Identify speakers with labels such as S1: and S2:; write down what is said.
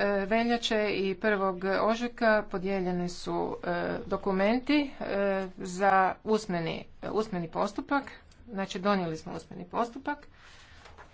S1: E, veljače i prvog ožujka podijeljeni su e, dokumenti e, za usmeni, usmeni postupak, znači donijeli smo usmeni
S2: postupak.